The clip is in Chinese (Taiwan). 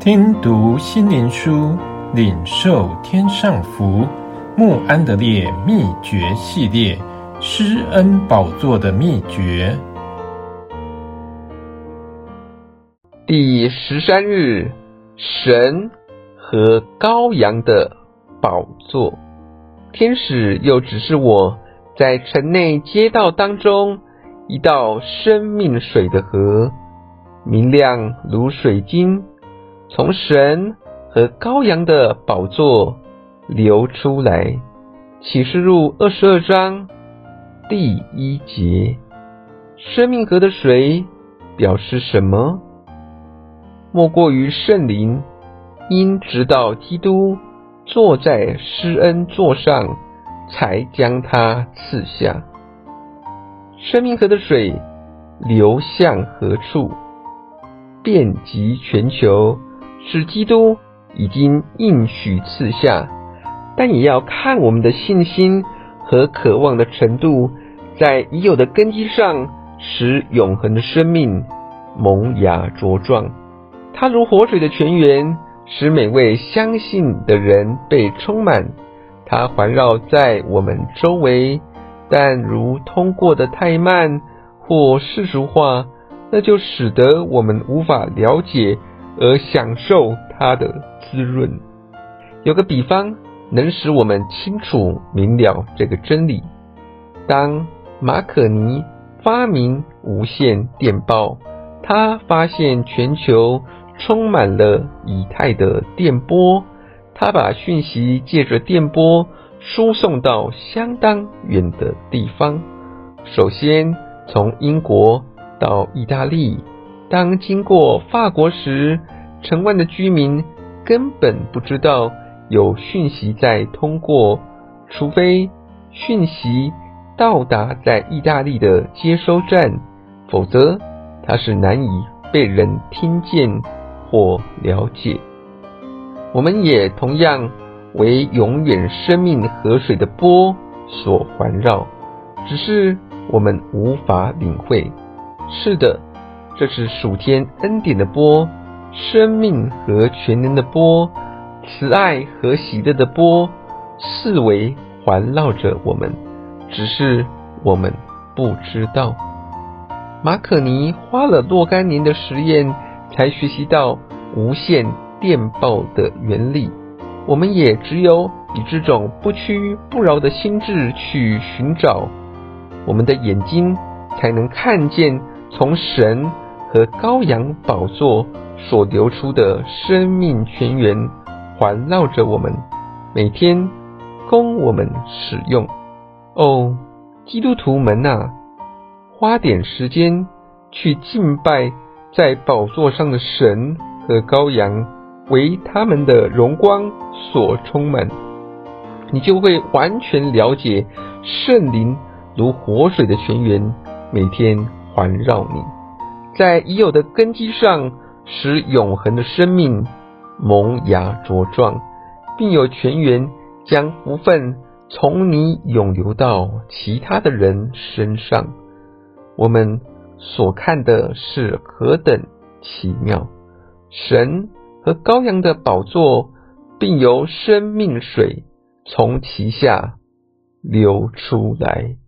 聽讀心靈書，領受天上福。慕安德烈秘訣系列，《施恩寶座的秘訣》第十三日：神和羔羊的寶座。天使又指示我，在城內街道當中，一道生命水的河，明亮如水晶。從神和羔羊的寶座流出來。啟示錄二十二章第一節，生命河的水表示什麼？莫過於聖靈，因直到基督坐在施恩座上，才將祂賜下。生命河的水流向何處？遍及全球。是基督已經應許賜下，但也要看我們的信心和渴望的程度，在已有的根基上，使永恆的生命萌芽茁壯。它如活水的泉源，使每位相信的人被充滿。它環繞在我們周圍，但如通過得太慢或世俗化，那就使得我們無法了解。而享受它的滋潤。有個比方能使我們清楚明了這個真理。當馬可尼發明無線電報，他發現全球充滿了以太的電波，他把訊息借着電波輸送到相當遠的地方。首先從英國到意大利，當經過法國時，城外的居民根本不知道有訊息在通過，除非訊息到達在意大利的接收站，否則它是難以被人聽見或了解。我們也同樣為永遠生命河水的波所環繞，只是我們無法領會。是的，這是屬天恩典的波。生命和權能的波，慈愛和喜樂的波，四圍環繞着我們，只是我們不知道。馬可尼花了若干年的實驗，才學習到無線電報的原理。我們也只有以這種不屈不撓的心志去尋找，我們的眼睛才能看見從神。和羔羊寶座所流出的生命泉源環繞着我們，每天供我們使用。哦，基督徒們啊，花點時間去敬拜在寶座上的神和羔羊，為他們的榮光所充滿，你就會完全了解聖靈如活水的泉源每天環繞你。在已有的根基上，使永恆的生命萌芽茁壯，並有泉源將福分從你湧流到其他的人身上。我們所看的是何等奇妙！神和羔羊的寶座，並由生命水從其下流出來。